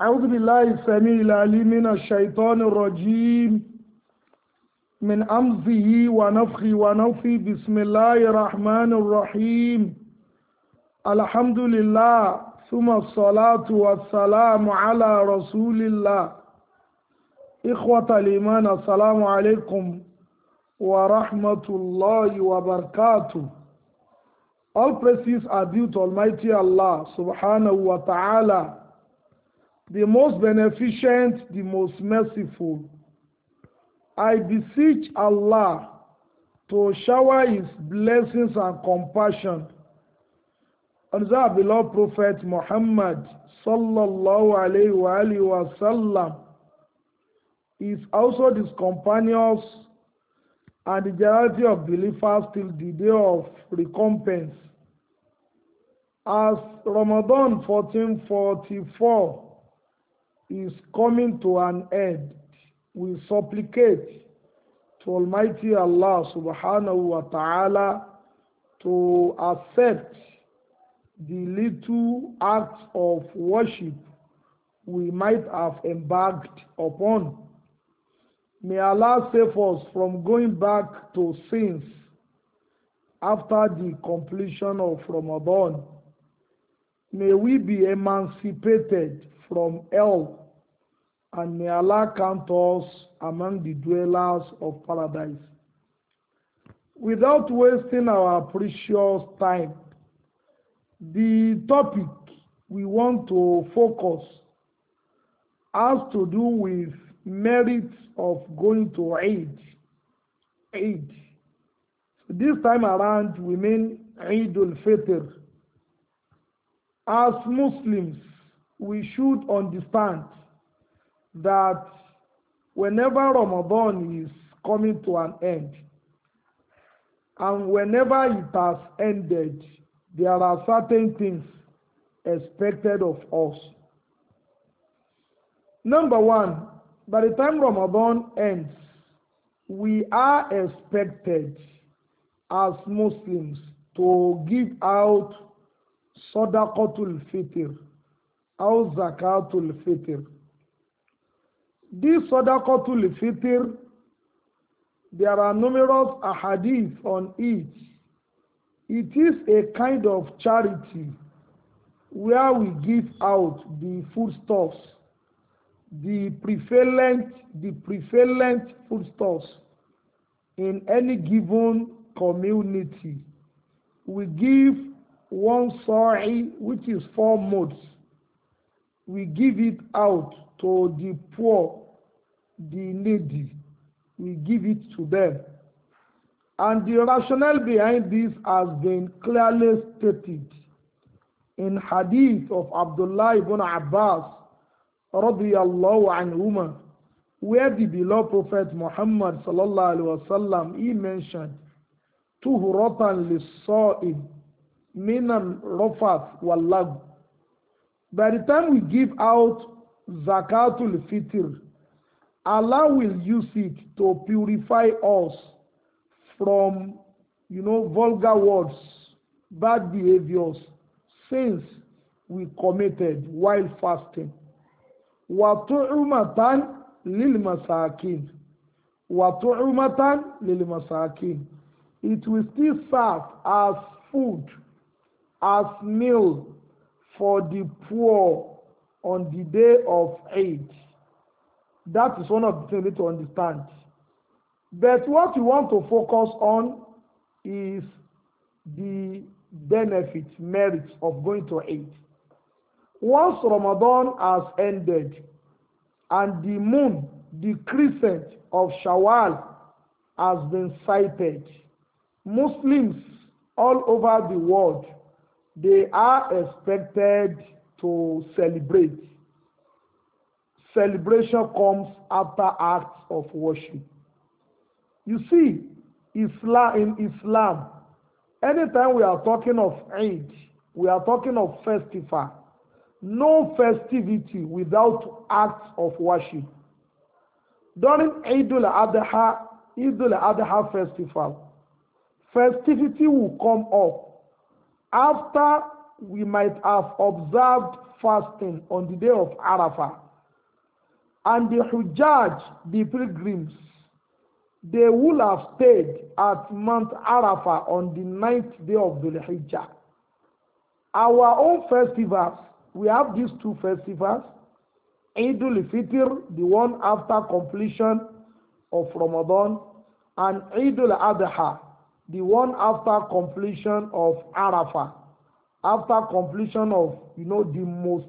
أعوذ بالله السميع العليم من الشيطان الرجيم من أمزه ونفخه ونفخه بسم الله الرحمن الرحيم الحمد لله ثم الصلاة والسلام على رسول الله إخوة الإيمان السلام عليكم ورحمة الله وبركاته All praises are due to Almighty Allah subhanahu wa ta'ala the most beneficent, the most merciful. I beseech Allah to shower his blessings and compassion on the beloved Prophet Muhammad sallallahu alayhi wa, sallam. Is also his companions and the generality of believers till the day of recompense. As Ramadan 1444 is coming to an end, we supplicate to Almighty Allah subhanahu wa ta'ala to accept the little acts of worship we might have embarked upon. May Allah save us from going back to sins after the completion of Ramadan. May we be emancipated from hell, and may Allah count us among the dwellers of paradise. Without wasting our precious time, the topic we want to focus has to do with merits of going to Eid. Eid. So this time around, we mean Eid al-Fitr. As Muslims, we should understand that whenever Ramadan is coming to an end, and whenever it has ended, there are certain things expected of us. Number one, by the time Ramadan ends, we are expected as Muslims to give out sadaqatul fitr أو زكاة الفطر This Sadaqatul Fitr, there are numerous ahadith on it. It is a kind of charity where we give out the foodstuffs, the prevalent, the prevalent foodstuffs in any given community. We give one sa'i, which is four modes we give it out to the poor, the needy. We give it to them. And the rationale behind this has been clearly stated in hadith of Abdullah ibn Abbas radiyallahu where the beloved prophet Muhammad sallallahu alaihi wasallam he mentioned tuhratan lis-sa'im min al-rafath wal by the time we give out zakatul fitr, Allah will use it to purify us from, you know, vulgar words, bad behaviors, sins we committed while fasting. وَطُعُمَةً لِلْمَسَاكِينَ وَطُعُمَةً لِلْمَسَاكِينَ It will still serve as food, as meal for the poor on the day of Eid. That is one of the things need to understand. But what we want to focus on is the benefits, merits of going to Eid. Once Ramadan has ended and the moon, the crescent of Shawwal has been sighted, Muslims all over the world they are expected to celebrate. Celebration comes after acts of worship. You see, Islam in Islam, anytime we are talking of Eid, we are talking of festival. No festivity without acts of worship. During Eid al-Adha, Eid al-Adha festival, festivity will come up after we might have observed fasting on the day of Arafah. And the Hujjaj, the pilgrims, they will have stayed at Mount Arafah on the ninth day of the Hijjah. Our own festivals, we have these two festivals, Eid al-Fitr, the one after completion of Ramadan, and Eid al-Adha, the one after completion of Arafah, after completion of, you know, the most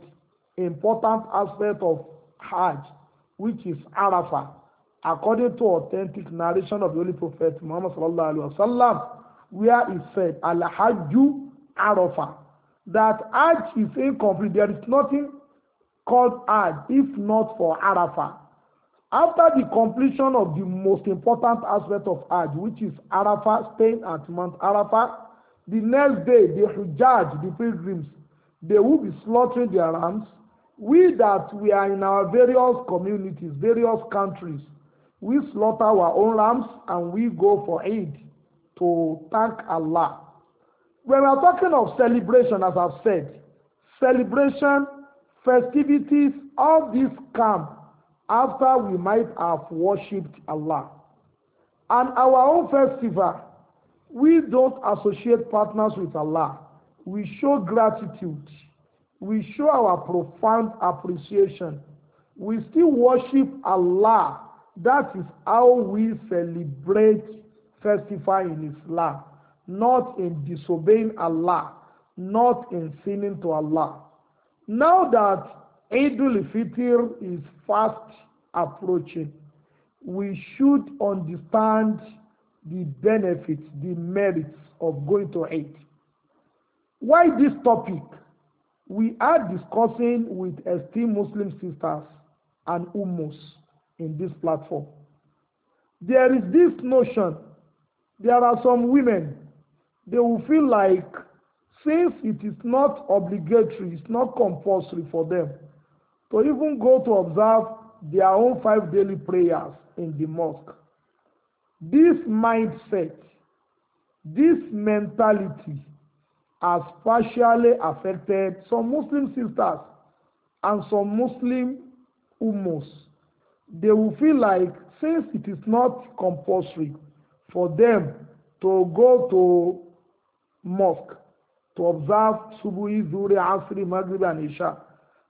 important aspect of Hajj, which is Arafah, according to authentic narration of the Holy Prophet Muhammad sallallahu alaihi wasallam, where he said, Al-Hajju Arafah, that Hajj is incomplete. There is nothing called Hajj if not for Arafah. After the completion of the most important aspect of Hajj, which is Arafah, staying at Mount Arafah, the next day the Hujjaj, the pilgrims, they will be slaughtering their rams. We that we are in our various communities, various countries, we slaughter our own rams and we go for Eid to thank Allah. When we are talking of celebration, as I've said, celebration, festivities, all this camp after we might have worshipped Allah. And our own festival, we don't associate partners with Allah. We show gratitude. We show our profound appreciation. We still worship Allah. That is how we celebrate festival in Islam, not in disobeying Allah, not in sinning to Allah. Now that Idul Fitr is fast approaching. We should understand the benefits, the merits of going to Eid. Why this topic? We are discussing with esteemed Muslim sisters and ummus in this platform. There is this notion. There are some women, they will feel like since it is not obligatory, it's not compulsory for them, to even go to observe their own five daily prayers in the mosque. This mindset, this mentality has partially affected some Muslim sisters and some Muslim ummos. They will feel like since it is not compulsory for them to go to mosque to observe Subuhi, Zuri, Asri, Maghrib and Isha,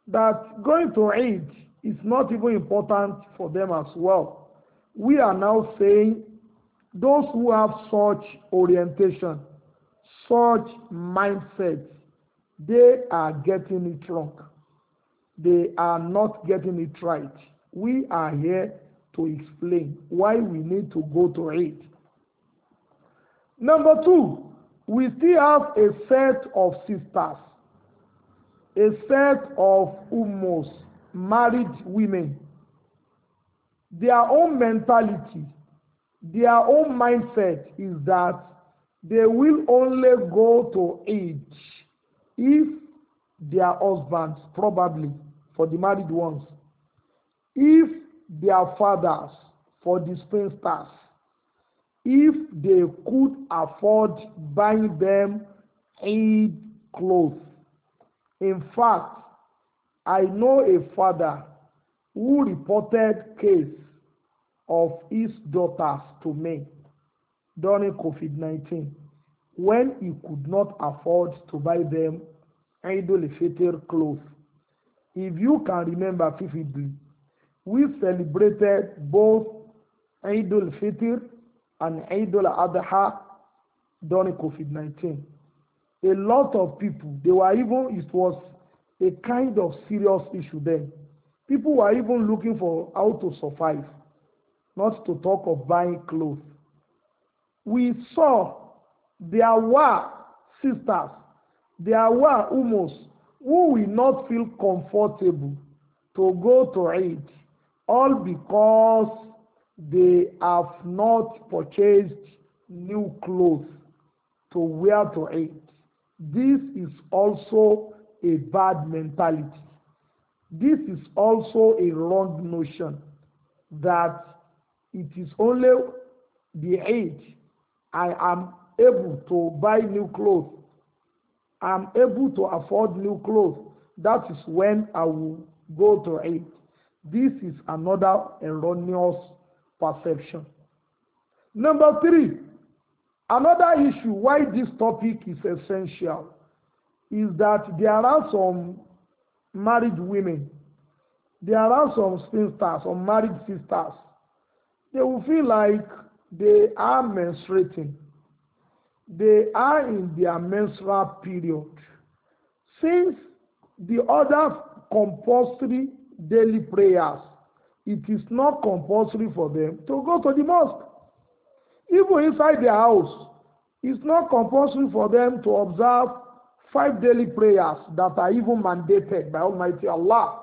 that going to Eid is not even important for them as well. We are now saying those who have such orientation, such mindset, they are getting it wrong. They are not getting it right. We are here to explain why we need to go to Eid. Number two, we still have a set of sisters a set of almost married women. Their own mentality, their own mindset is that they will only go to Eid if their husbands, probably for the married ones, if their fathers for the spinsters, if they could afford buying them aid clothes. In fact, I know a father who reported case of his daughters to me during COVID-19 when he could not afford to buy them idol fitr clothes. If you can remember vividly, we celebrated both Eid al-Fitr and Eid al-Adha during COVID-19 a lot of people they were even it was a kind of serious issue then people were even looking for how to survive not to talk of buying clothes we saw there were sisters there were almost who will not feel comfortable to go to Eid all because they have not purchased new clothes to wear to Eid this is also a bad mentality. This is also a wrong notion that it is only the age I am able to buy new clothes. I'm able to afford new clothes. That is when I will go to it. This is another erroneous perception. Number three, Another issue why this topic is essential is that there are some married women, there are some spinsters, some married sisters. They will feel like they are menstruating. They are in their menstrual period. Since the other compulsory daily prayers, it is not compulsory for them to go to the mosque. Even inside their house, it's not compulsory for them to observe five daily prayers that are even mandated by Almighty Allah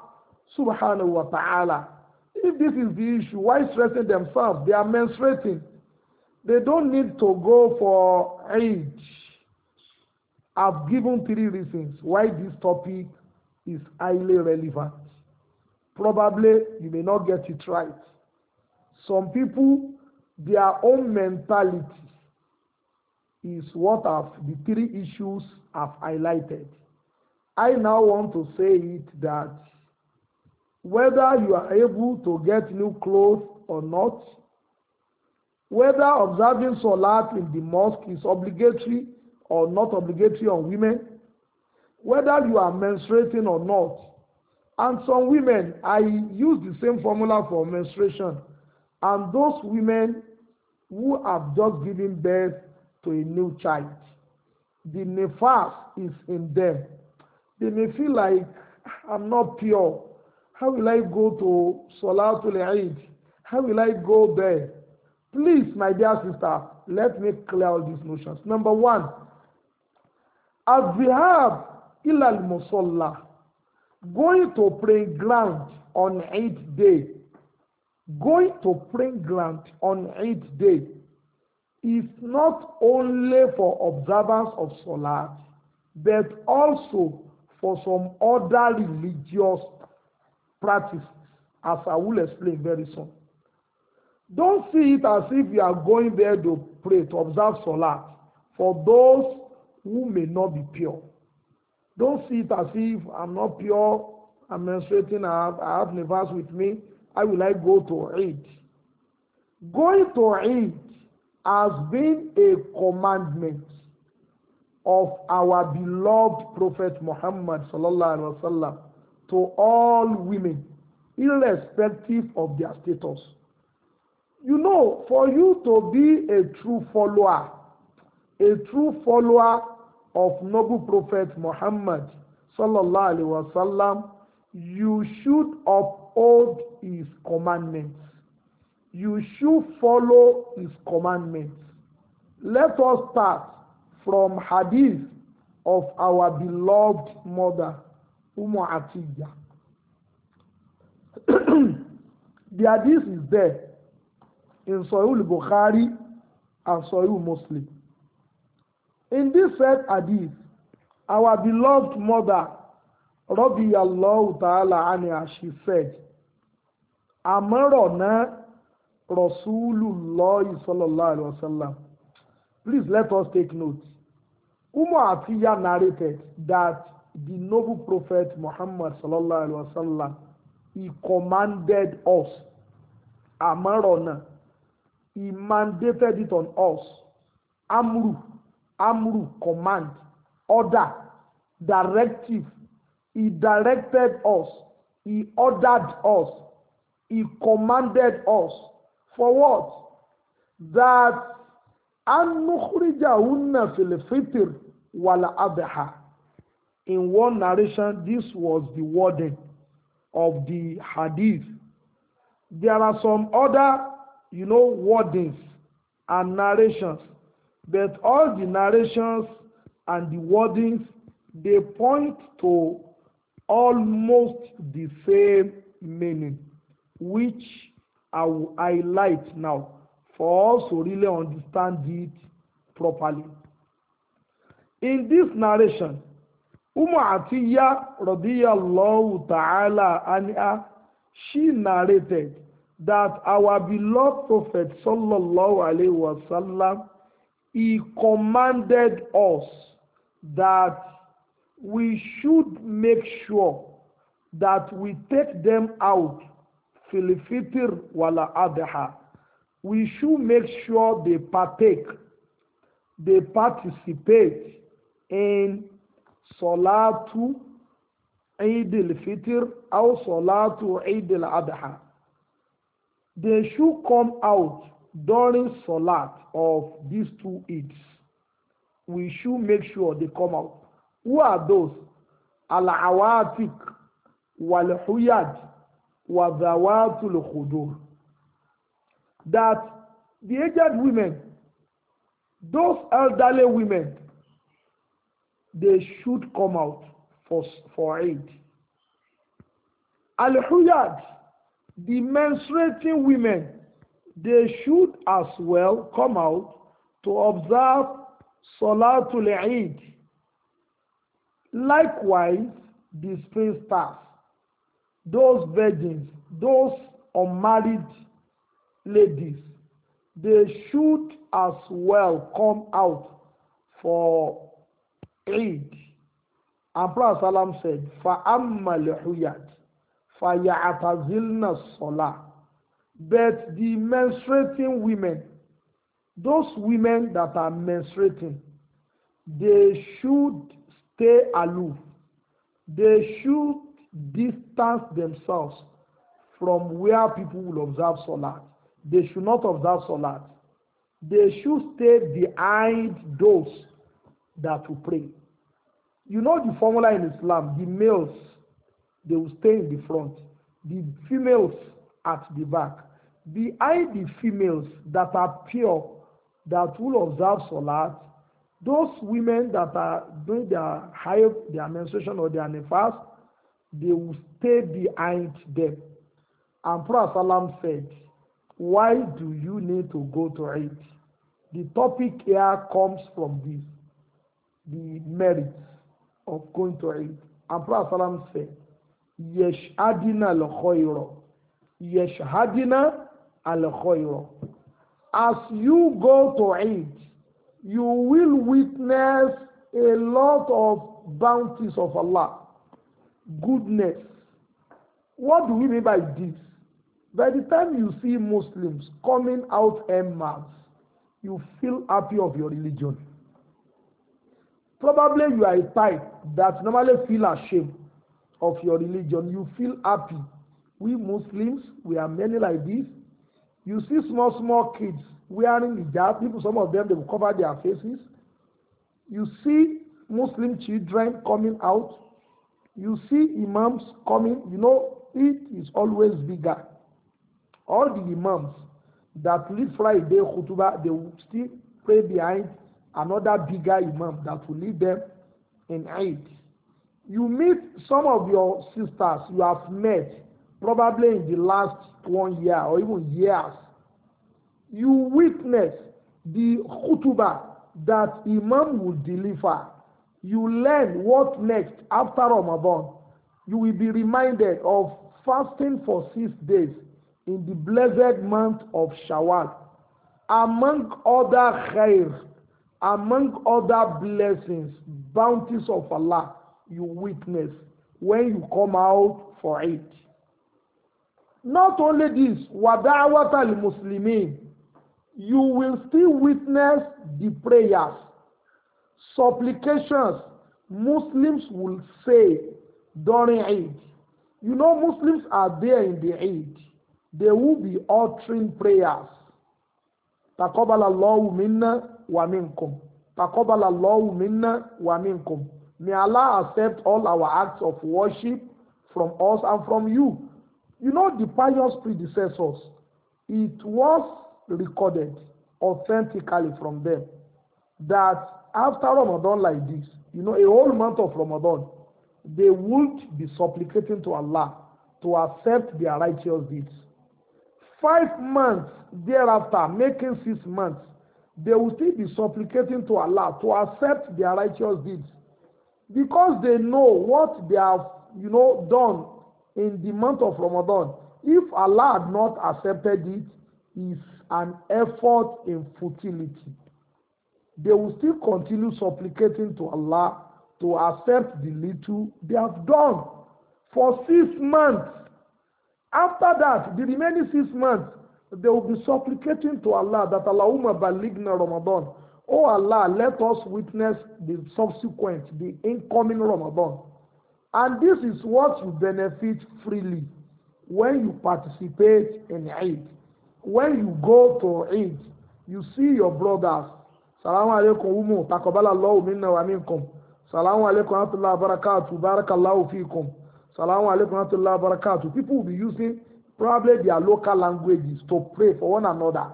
subhanahu wa ta'ala. If this is the issue, why stressing themselves? They are menstruating. They don't need to go for age. I've given three reasons why this topic is highly relevant. Probably you may not get it right. Some people their own mentality is what of the three issues I've highlighted. I now want to say it that whether you are able to get new clothes or not, whether observing Salat in the mosque is obligatory or not obligatory on women, whether you are menstruating or not, and some women, I use the same formula for menstruation and those women who have just given birth to a new child. The nefas is in them. They may feel like, I'm not pure. How will I go to Salatul Eid? How will I go there? Please, my dear sister, let me clear all these notions. Number one, have ilal musalla, going to pray ground on Eid day Going to praying ground on Eid day is not only for observance of Salah, but also for some other religious practices, as I will explain very soon. Don't see it as if you are going there to pray, to observe Salah, for those who may not be pure. Don't see it as if I'm not pure, I'm menstruating, I have, I have nevers with me, How will I go to Eid? Going to Eid has been a commandment of our beloved Prophet Muhammad sallallahu alaihi wasallam to all women, irrespective of their status. You know, for you to be a true follower, a true follower of noble Prophet Muhammad sallallahu alaihi wasallam, you should up uphold his commandments. You should follow his commandments. Let us start from hadith of our beloved mother, Umm Atiyah. the hadith is there in Sahih Bukhari and Sahih Muslim. In this said hadith, our beloved mother, Rabbi Allah Ta'ala Anha, she said, Amarona Rasulullah Sallallahu Alaihi Wasallam. Please let us take note. Umar Atiyah narrated that the noble prophet Muhammad Sallallahu Alaihi Wasallam, he commanded us, Amarona, he mandated it on us. Amru, Amru, command, order, directive, He directed us. He ordered us. He commanded us. For what? That أَنُّخْرِجَهُنَّ فِي الْفِطِرِ وَالْأَضْحَى In one narration, this was the wording of the hadith. There are some other, you know, wordings and narrations. But all the narrations and the wordings, they point to almost the same meaning, which I will highlight now for us to really understand it properly. In this narration, Umu Atiyya radiyallahu ta'ala anha, she narrated that our beloved Prophet sallallahu alaihi wasallam, he commanded us that we should make sure that we take them out filifitr wala adha we should make sure they partake they participate in salatu eid al-fitr or salatu eid al-adha they should come out during salat of these two eids we should make sure they come out Who are those? Al-Awatik, Wal-Huyad, Wadawatul Khudur. That the aged women, those elderly women, they should come out for, for aid. Al-Huyad, the menstruating women, they should as well come out to observe Salatul Eid Likewise, the spring stars, those virgins, those unmarried ladies, they should as well come out for Eid. And Prophet Salam said, فَأَمَّا الْحُيَاتِ فَيَعْتَزِلْنَا الصَّلَاةِ But the menstruating women, those women that are menstruating, they should stay aloof. They should distance themselves from where people will observe Salat. They should not observe Salat. They should stay behind those that will pray. You know the formula in Islam, the males, they will stay in the front. The females at the back. Behind the females that are pure, that will observe Salat, those women that are doing their high their menstruation or their nifas, they will stay behind them. And Prophet Salam said, Why do you need to go to it? The topic here comes from this the merits of going to it. And Prophet Salam said, Yeshadina al hadina al As you go to it, you will witness a lot of bounties of Allah, goodness. What do we mean by this? By the time you see Muslims coming out en masse, you feel happy of your religion. Probably you are a type that normally feel ashamed of your religion. You feel happy. We Muslims, we are many like this. You see small, small kids wearing hijab. People, some of them, they will cover their faces. You see Muslim children coming out. You see imams coming. You know, it is always bigger. All the imams that lead Friday khutbah, they will still pray behind another bigger imam that will lead them in Eid. You meet some of your sisters you have met probably in the last one year or even years you witness the khutbah that imam will deliver. You learn what next after Ramadan. You will be reminded of fasting for six days in the blessed month of Shawwal. Among other khair, among other blessings, bounties of Allah, you witness when you come out for it. Not only this, wada'awata al-Muslimin, you will still witness the prayers, supplications Muslims will say during Eid. You know, Muslims are there in the Eid. They will be uttering prayers. تقبل الله wa ومنكم تقبل الله wa ومنكم May Allah accept all our acts of worship from us and from you. You know the pious predecessors. It was recorded authentically from them that after Ramadan like this, you know, a whole month of Ramadan, they would be supplicating to Allah to accept their righteous deeds. Five months thereafter, making six months, they will still be supplicating to Allah to accept their righteous deeds because they know what they have, you know, done in the month of Ramadan. If Allah had not accepted it, is an effort in futility. They will still continue supplicating to Allah to accept the little they have done for six months. After that, the remaining six months, they will be supplicating to Allah that Allahumma baligna Ramadan. Oh Allah, let us witness the subsequent, the incoming Ramadan. And this is what you benefit freely when you participate in Eid. when you go to Eid, you see your brothers. Salaamu alaykum umu, takobala Allahu minna wa minkum. Salaamu alaykum rahmatullahi wa barakatuh, barakallahu fikum. Salaam alaikum rahmatullahi wa barakatuh. People will be using probably their local languages to pray for one another.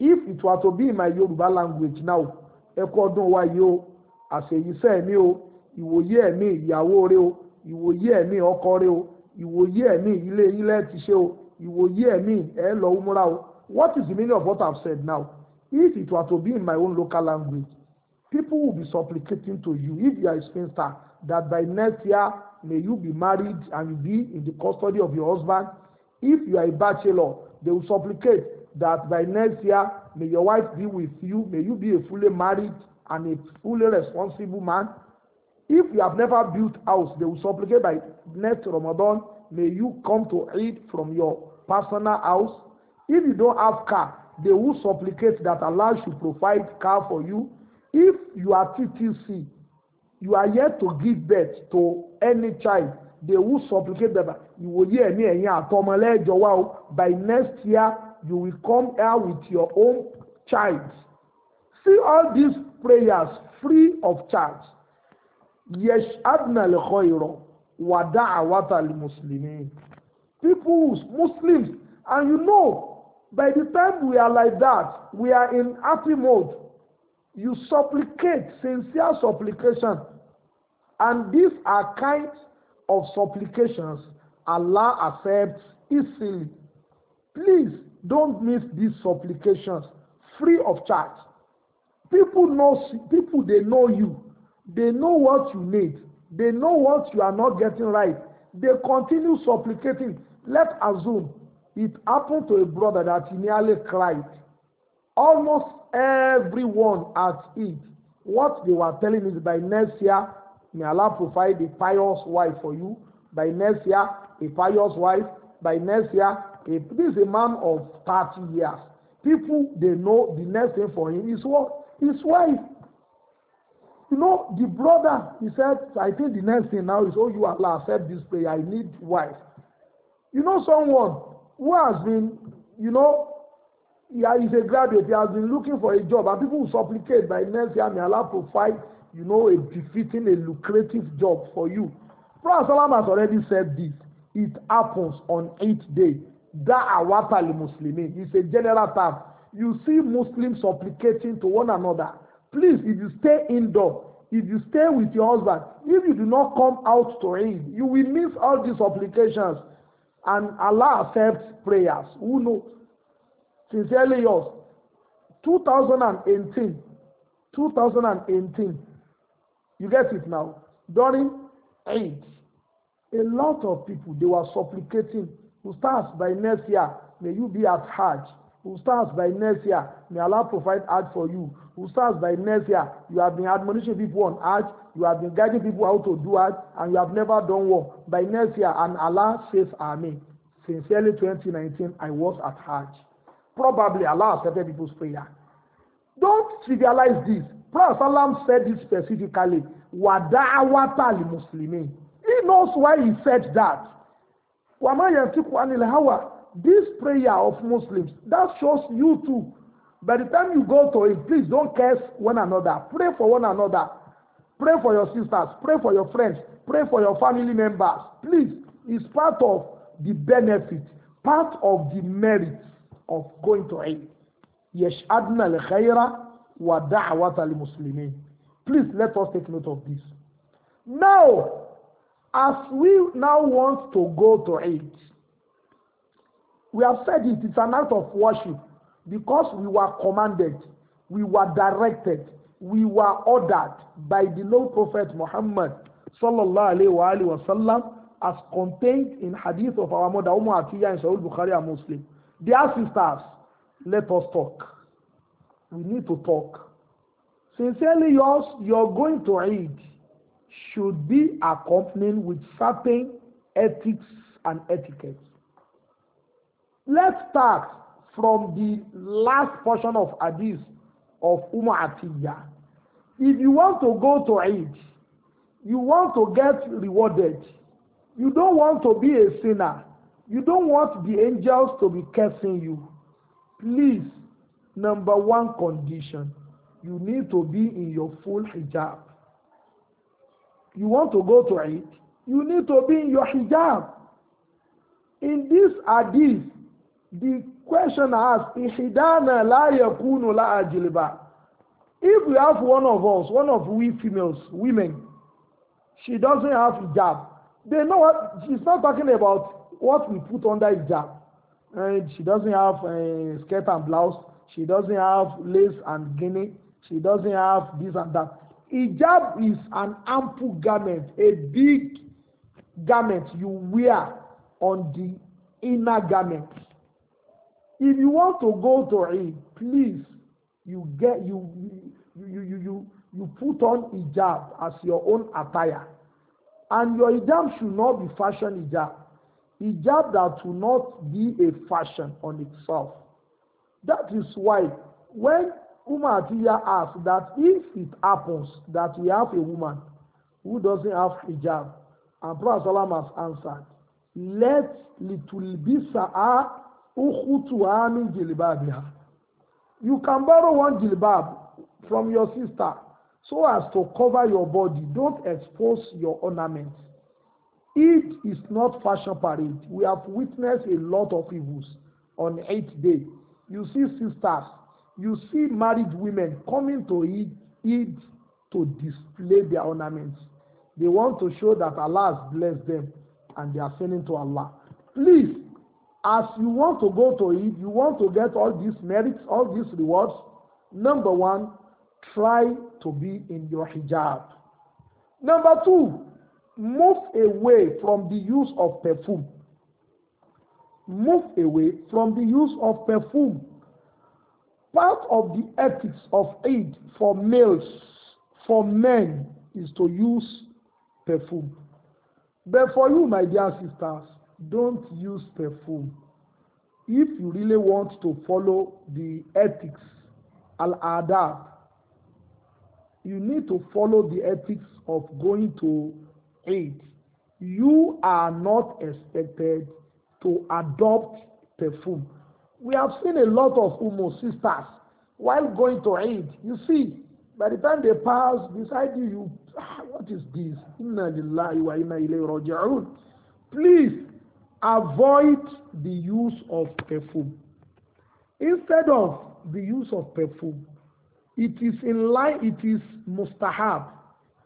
If it were to be in my Yoruba language now, ẹ kú ọdún wa yìí o, àṣeyíṣẹ́ ẹ̀mí o, ìwòye ẹ̀mí ìyàwó rẹ o, ìwòye ẹ̀mí ọkọ rẹ o, ìwòye ẹ̀mí ilé ilé ti ṣe o, You will hear me, umra o what is the meaning of what i have said now if it were to be in my own local language people will be supplicating to you if you are a spinster that by next year may you be married and be in the custody of your husband if you are a bachelor they will supplicate that by next year may your wife be with you may you be a fully married and a fully responsible man if you have never built house they will supplicate by next ramadan may you come to eid from your personal house. If you don't have car, they will supplicate that Allah should provide car for you. If you are TTC, you are yet to give birth to any child, they will supplicate that you will hear me and yeah, by next year you will come here with your own child. See all these prayers free of charge. Yesh adna lechoiro wada awata li muslimin. peoples, Muslims. And you know, by the time we are like that, we are in happy mode. You supplicate, sincere supplication. And these are kinds of supplications Allah accepts easily. Please don't miss these supplications free of charge. People know people they know you. They know what you need. They know what you are not getting right. They continue supplicating. Let's assume it happened to a brother that he nearly cried. Almost everyone at it, what they were telling is by next year, may Allah provide a pious wife for you. By next year, a pious wife. By next year, a, this is a man of 30 years. People, they know the next thing for him is what? His wife. You know, the brother, he said, I think the next thing now is, oh, you Allah, accept this prayer. I need wife. You know someone who has been, you know, he is a graduate, he has been looking for a job, and people supplicate by next year, may to find, you know, a befitting, a lucrative job for you. Prophet Salam has already said this. It happens on eighth day. Da'awata al-Muslimin. It's a general term. You see Muslims supplicating to one another. Please, if you stay indoor, if you stay with your husband, if you do not come out to Eid, you will miss all these supplications. And Allah accepts prayers. Who knows? Sincerely yours. 2018. 2018. You get it now. During Eid, a lot of people, they were supplicating, who starts by next year, may you be at Hajj. Who starts by next year, may Allah provide Hajj for you. Who starts by next year, you have been admonishing people on Hajj, You have been guiding people how to do it, and you have never done war. By next year, and Allah saves since early 2019, I was at Hajj. Probably Allah accepted people's prayer. Don't trivialize this. Prophet Salam said this specifically. Wada'awata li Muslimin. He knows why he said that. Wama yantiku anil hawa. This prayer of Muslims, that shows you too. By the time you go to it, please don't curse one another. Pray for one another. Pray for your sisters. Pray for your friends. Pray for your family members. Please, it's part of the benefit, part of the merit of going to Eid. يشهدنا الخير ودعوة alimuslimin. Please let us take note of this. Now, as we now want to go to aid, we have said it, it's an act of worship because we were commanded, we were directed, we were ordered by the low Prophet Muhammad sallallahu alayhi wasallam as contained in hadith of our mother Umm Atiyah and Sahih Bukhari and Muslim. Dear sisters, let us talk. We need to talk. Sincerely yours, you're going to Eid should be accompanied with certain ethics and etiquette. Let's start from the last portion of hadith of Umar Atiyah. If you want to go to Eid, you want to get rewarded. You don't want to be a sinner. You don't want the angels to be cursing you. Please, number one condition, you need to be in your full hijab. You want to go to Eid, you need to be in your hijab. In this hadith, the question asks, إِحِدَانَا if we have one of us, one of we females, women, she doesn't have hijab. They know what she's not talking about what we put under hijab. And she doesn't have a eh, skirt and blouse. She doesn't have lace and guinea. She doesn't have this and that. Hijab is an ample garment, a big garment you wear on the inner garment. If you want to go to a, please, you get you you, you, you, you, you put on hijab as your own attire. And your hijab should not be fashion hijab. Hijab that will not be a fashion on itself. That is why when Umar Atiya asked that if it happens that we have a woman who doesn't have hijab, and Prophet Salam has answered, let litulbisa'a ukhutuha min jilbabiha. You can borrow one jilbab from your sister so as to cover your body. Don't expose your ornaments. It is not fashion parade. We have witnessed a lot of evils on Eid day. You see sisters, you see married women coming to Eid, Eid to display their ornaments. They want to show that Allah has blessed them and they are sending to Allah. Please, as you want to go to Eid, you want to get all these merits, all these rewards, Number one, try to be in your hijab. Number two, move away from the use of perfume. Move away from the use of perfume. Part of the ethics of Eid for males, for men, is to use perfume. But for you, my dear sisters, don't use perfume. If you really want to follow the ethics al-adab you need to follow the ethics of going to aid. You are not expected to adopt perfume. We have seen a lot of Umo sisters while going to aid. You see, by the time they pass beside you, you ah, what is this? Inna lillahi wa inna ilayhi raji'un. Please avoid the use of perfume. Instead of the use of perfume. It is in line, it is mustahab,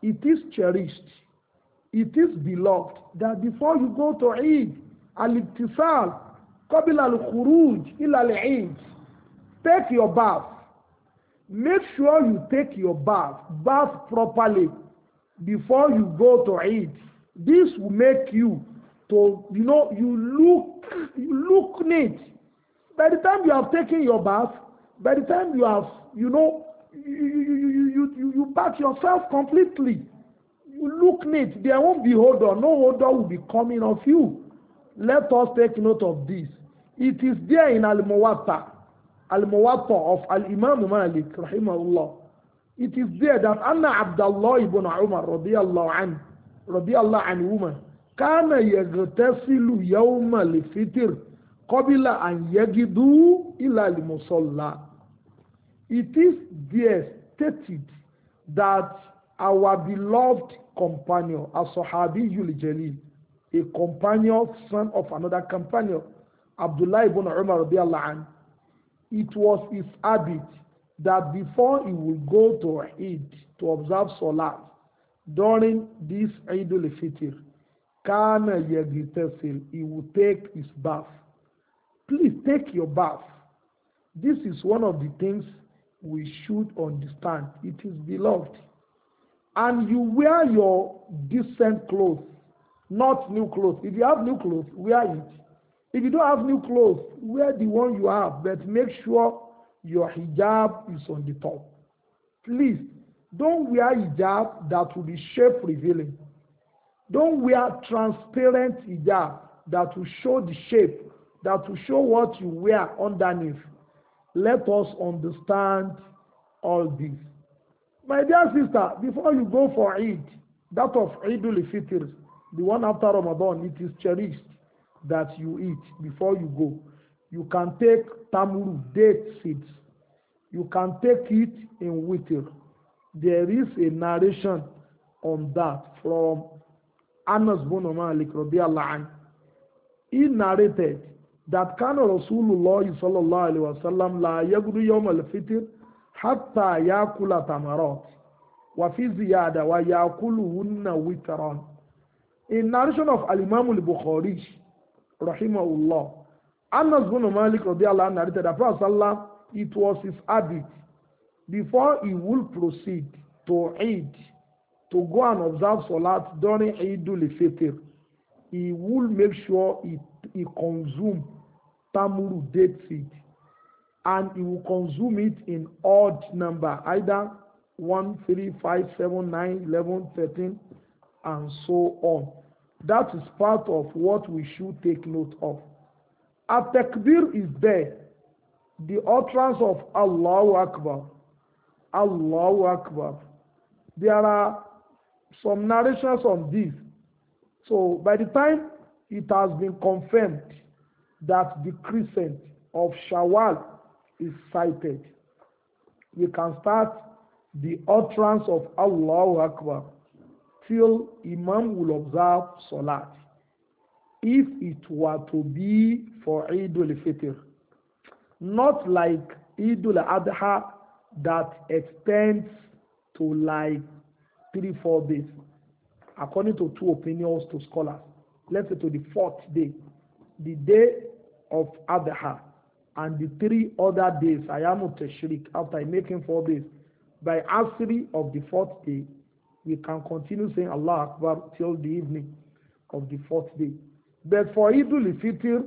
it is cherished, it is beloved that before you go to Eid, al-iktisal, قبل الخروج إلى العيد take your bath make sure you take your bath bath properly before you go to Eid this will make you to you know you look you look neat by the time you have taken your bath by the time you have, you know, you, you, you, you, you, you back yourself completely. You look neat. There won't be odor. No odor will be coming of you. Let us take note of this. It is there in Al-Muwatta, Al-Muwatta of Al-Imam Malik, rahimahullah. It is there that Anna Abdullah ibn Umar, radiyallahu anhu, radiyallahu anhu, كان يغتسل يوم الفطر kọ́bílà àyẹ́gídú ìlàlìmọ̀sọ́là it is there stated that our beloved companion asahabi yulijeli a companion son of another companion abdullah ibn umar radiyallahu anhu it was his habit that before he would go to eid to observe salah during this eid al-fitr kana yaghtasil he would take his bath Please take your bath. This is one of the things we should understand. It is beloved. And you wear your decent clothes, not new clothes. If you have new clothes, wear it. If you don't have new clothes, wear the one you have, but make sure your hijab is on the top. Please, don't wear hijab that will be shape revealing. Don't wear transparent hijab that will show the shape that to show what you wear underneath. Let us understand all this. My dear sister, before you go for Eid, that of Eidul Fitr, the one after Ramadan, it is cherished that you eat before you go. You can take tamuru, date seeds. You can take it in winter. There is a narration on that from Anas bin Malik, he narrated that kana Rasulullah sallallahu alaihi wasallam la yagudu yawm al-fitr hatta yakula tamarat wa fi ziyada wa yakuluhunna witran in narration of al-imam al-bukhari rahimahullah Anas bin Malik radiyallahu anhu narrated that Prophet sallam it was his habit before he would proceed to eat to go and observe Salat during Eidul Fitr he would make sure he, he consumed tamuru dates it and he will consume it in odd number, either 1, 3, 5, 7, 9, 11, 13, and so on. That is part of what we should take note of. A takbir is there, the utterance of Allahu Akbar. Allahu Akbar. There are some narrations on this. So by the time it has been confirmed, that the crescent of Shawwal is sighted. We can start the utterance of Allahu Akbar till Imam will observe Salat. If it were to be for Eid al-Fitr, not like Eid al-Adha that extends to like three, four days, according to two opinions to scholars, let's say to the fourth day the day of Adha and the three other days, Ayamu Tashrik, after making four days, by Asri of the fourth day, we can continue saying Allah Akbar till the evening of the fourth day. But for Idul Fitr,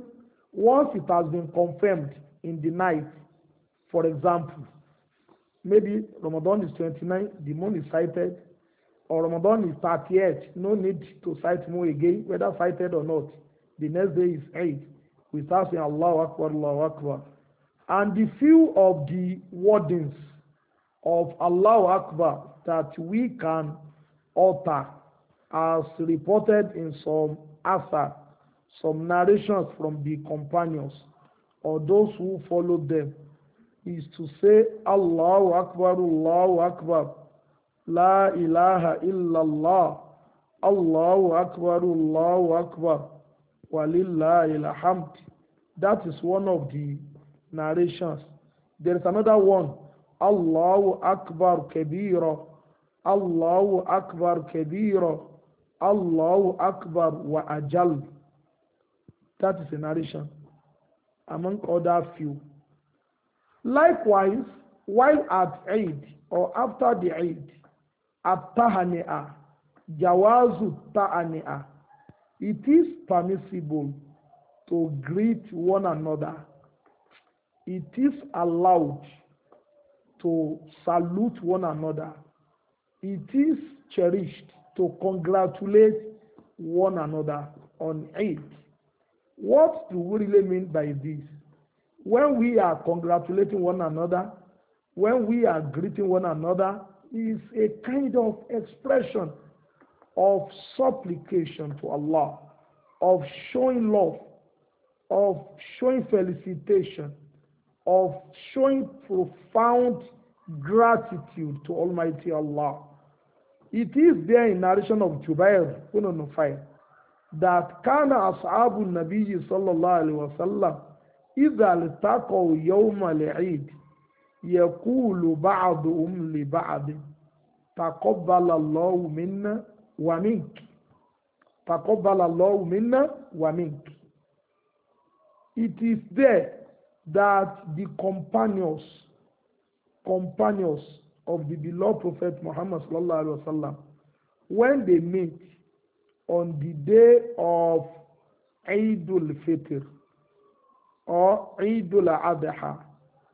once it has been confirmed in the night, for example, maybe Ramadan is 29, the moon is sighted, or Ramadan is 38, no need to sight moon again, whether sighted or not the next day is Eid. We start saying Allah Akbar, Allah Akbar. And the few of the wordings of Allah Akbar that we can utter as reported in some asa, some narrations from the companions or those who followed them is to say Allahu Akbar, Allahu Akbar, La ilaha illallah, Allahu Akbar, Allahu Akbar, Walillah ilhamd. That is one of the narrations. There is another one. Allahu Akbar Kabira. Allahu Akbar Kabira. Allahu Akbar wa ajal. That is a narration among other few. Likewise, while at Eid or after the Eid, at Tahani'a, Jawazu Tahani'a, it is permissible to greet one another. It is allowed to salute one another. It is cherished to congratulate one another on Eid. What do we really mean by this? When we are congratulating one another, when we are greeting one another, is a kind of expression of supplication to Allah, of showing love, of showing felicitation, of showing profound gratitude to Almighty Allah. It is there in narration of Jubair, Kununufair, that Kana Ashabu النَّبِيِّ صَلَّى alayhi عَلَيْهِ وَسَلَّمَ إذا التقوا يوم العيد يقول بعضهم لبعض تقبل الله منا wàmíǹk takọ́bala lọ́wọ́ minna wàmíǹk. It is there that the companions companions of the beloved prophet Muhammad sallallahu alaihi wasallam when they meet on the day of Eidul Fitr or Eidul Adha,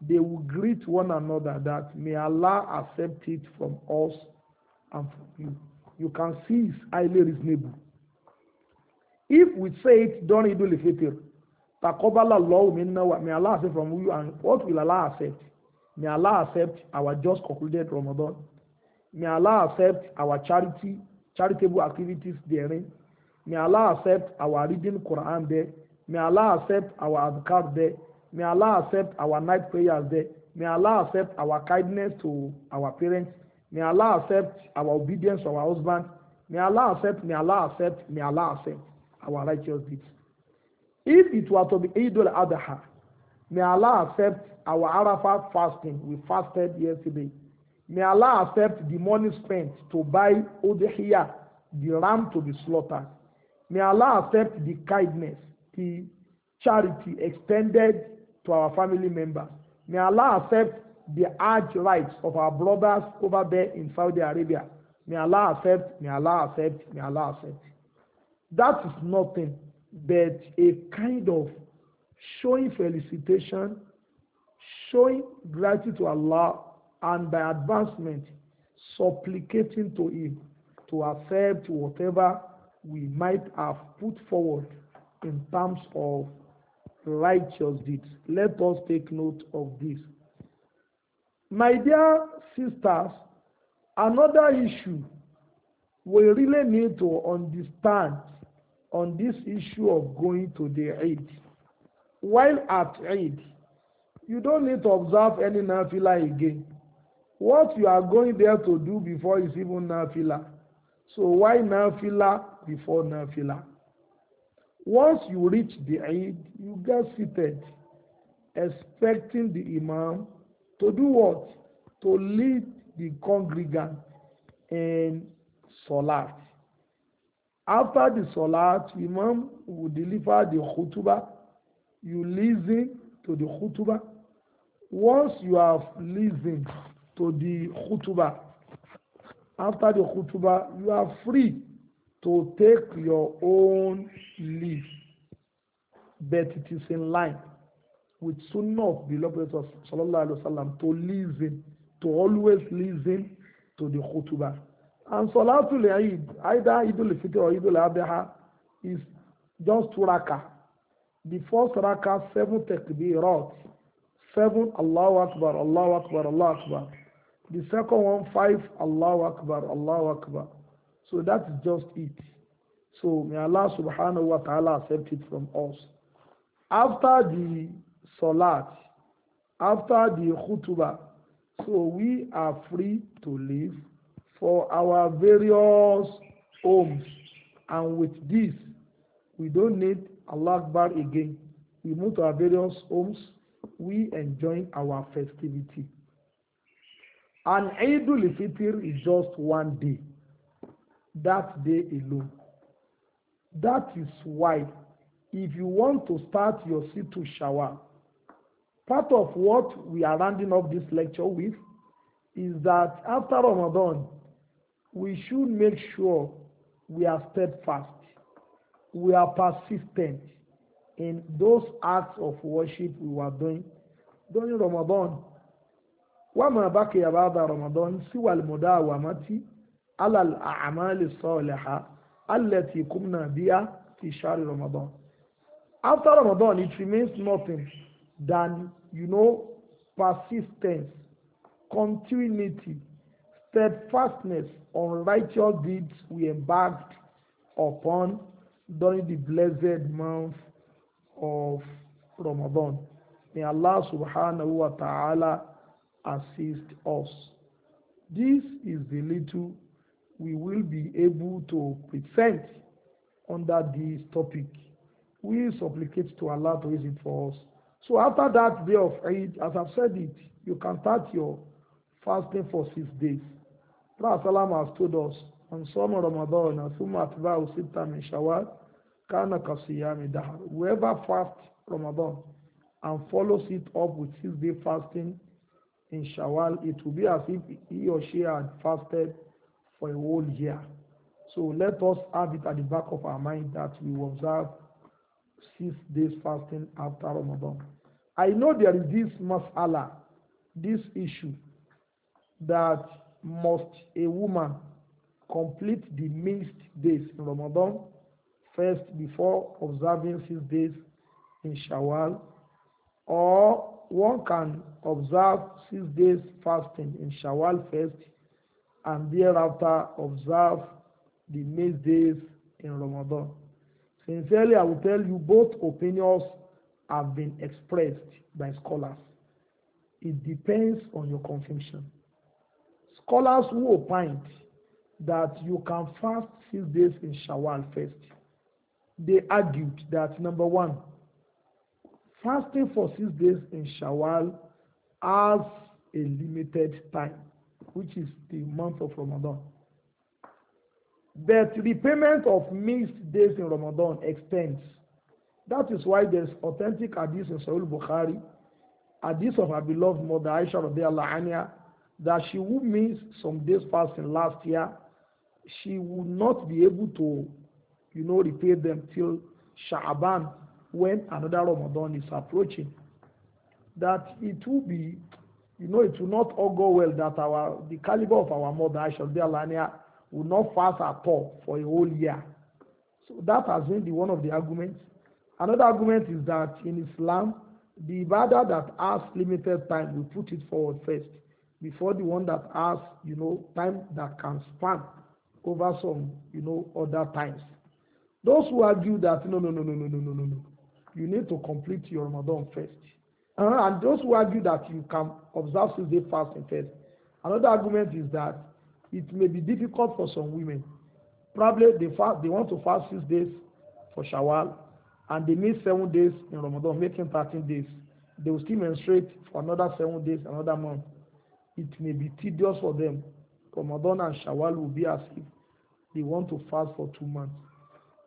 they will greet one another that may Allah accept it from us and from you you can see is highly reasonable. If we say it during Idul Fitr, Takobala law may Allah accept from you and what will Allah accept? May Allah accept our just concluded Ramadan. May Allah accept our charity, charitable activities therein. May Allah accept our reading Quran there. May Allah accept our adhkar there. May Allah accept our night prayers there. May Allah accept our kindness to our parents. May Allah accept our obedience to our husband. May Allah accept, may Allah accept, may Allah accept our righteous deeds. If it were to be Eid al-Adha, may Allah accept our Arafat fasting. We fasted yesterday. May Allah accept the money spent to buy Udhiyah, the ram to be slaughtered. May Allah accept the kindness, the charity extended to our family members. May Allah accept the hard rights of our brothers over there in Saudi Arabia. May Allah accept, may Allah accept, may Allah accept. That is nothing but a kind of showing felicitation, showing gratitude to Allah, and by advancement, supplicating to Him to accept whatever we might have put forward in terms of righteous deeds. Let us take note of this. My dear sisters, another issue we really need to understand on this issue of going to the Eid. While at Eid, you don't need to observe any nafila again. What you are going there to do before is even nafila. So why nafila before nafila? Once you reach the Eid, you get seated, expecting the Imam To do what? To lead the congregant in Salat. After the Salat, Imam will deliver the khutbah. You listen to the khutbah. Once you have listened to the khutbah, after the khutbah, you are free to take your own leave. But it is in line with sunnah of the Lord Sallallahu Alaihi Wasallam to listen, to always listen to the khutbah. And Salatul Eid, either Idul Fitr or Idul Adha, is just two rakah. The first raka seven takbirat, seven Allahu Akbar, Allahu Akbar, Allahu Akbar. The second one, five Allahu Akbar, Allahu Akbar. So that's just it. So may Allah subhanahu wa ta'ala accept it from us. After the salat after the khutbah so we are free to leave for our various homes and with this we don't need Allah Akbar again we move to our various homes we enjoy our festivity and Eidul Fitr is just one day that day alone that is why if you want to start your situ shawar Part of what we are rounding up this lecture with is that after Ramadan, we should make sure we are steadfast, we are persistent in those acts of worship we were doing during Ramadan. وما بقي بعد رمضان سوى المداومة على الأعمال الصالحة التي قمنا بها في شهر رمضان. After Ramadan, it remains nothing than, you know, persistence, continuity, steadfastness on righteous deeds we embarked upon during the blessed month of Ramadan. May Allah subhanahu wa ta'ala assist us. This is the little we will be able to present under this topic. We supplicate to Allah to raise it for us. So after that day of Eid, as I've said it, you can start your fasting for six days. Prophet has told us, and some Ramadan, and some in Shawwal, kana kasiyami dahar. Whoever fasts Ramadan and follows it up with six-day fasting in Shawwal, it will be as if he or she had fasted for a whole year. So let us have it at the back of our mind that we observe six days fasting after Ramadan. I know there is this masala, this issue that must a woman complete the missed days in Ramadan first before observing six days in Shawwal, or one can observe six days fasting in Shawwal first and thereafter observe the missed days in Ramadan. Sincerely, I will tell you both opinions have been expressed by scholars. It depends on your conviction. Scholars who opined that you can fast six days in Shawwal first, they argued that number one, fasting for six days in Shawwal has a limited time, which is the month of Ramadan. That repayment of missed days in Ramadan extends that is why there's authentic hadith in Sahih Bukhari, hadith of our beloved mother Aisha radiallahu that she would miss some days fasting last year. She would not be able to, you know, repay them till Sha'aban when another Ramadan is approaching. That it will be, you know, it will not all go well that our the caliber of our mother Aisha radiallahu will not fast at all for a whole year. So that has been the one of the arguments Another argument is that in Islam, the ibadah that has limited time, we put it forward first before the one that has, you know, time that can span over some, you know, other times. Those who argue that no, no, no, no, no, no, no, no, no, you need to complete your Ramadan first. Uh, and those who argue that you can observe Tuesday fasting first. Another argument is that it may be difficult for some women. Probably they fast, they want to fast six days for Shawwal, and they miss seven days in Ramadan, making 13 days, they will still menstruate for another seven days, another month. It may be tedious for them. Ramadan and Shawwal will be as if they want to fast for two months.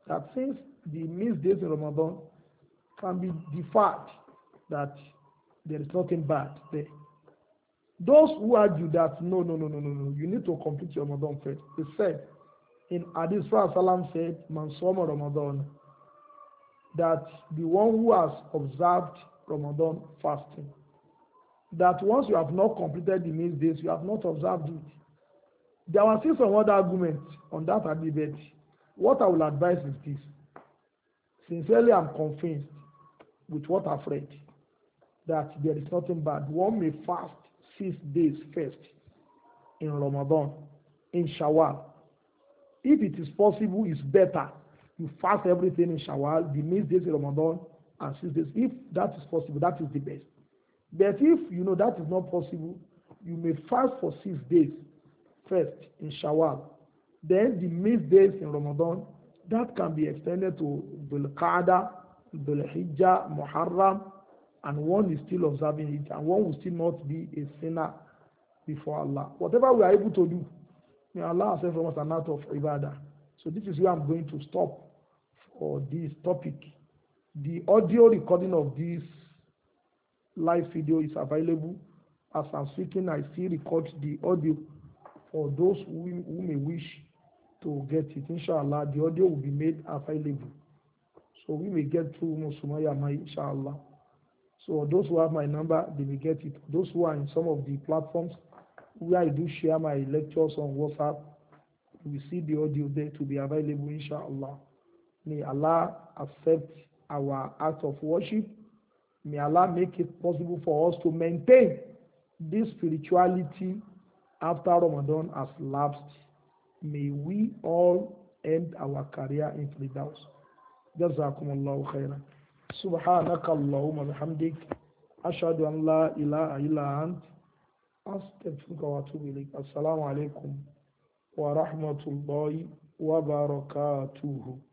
That since the missed days in Ramadan can be deferred, that there is nothing bad there. Those who argue that no, no, no, no, no, no, you need to complete your Ramadan first. They said in Hadith Rasulullah said, Man Ramadan that the one who has observed Ramadan fasting, that once you have not completed the missed days, you have not observed it. There are still some other arguments on that debate. What I will advise is this. Sincerely, I'm convinced with what I've read that there is nothing bad. One may fast six days first in Ramadan, in Shawwal. If it is possible, it's better you fast everything in Shawwal, the missed days in Ramadan, and six days. If that is possible, that is the best. But if you know that is not possible, you may fast for six days first in Shawwal, then the missed days in Ramadan. That can be extended to Dhul Qa'dah, Dhul Hijjah, Muharram, and one is still observing it, and one will still not be a sinner before Allah. Whatever we are able to do, may Allah accept from us an act of ibadah. So this is where I'm going to stop or this topic. The audio recording of this live video is available. As I'm speaking, I still record the audio for those who, who may wish to get it. Inshallah, the audio will be made available. So we may get through Musumaya inshallah. So those who have my number, they will get it. Those who are in some of the platforms where I do share my lectures on WhatsApp, we see the audio there to be available, inshallah. May Allah accept our act of worship. May Allah make it possible for us to maintain this spirituality after Ramadan has lapsed. May we all end our career in Firdaus. جزاكم الله خيرا سبحانك اللهم وبحمدك أشهد أن لا إله إلا أنت أستغفرك وأتوب إليك السلام عليكم ورحمة الله وبركاته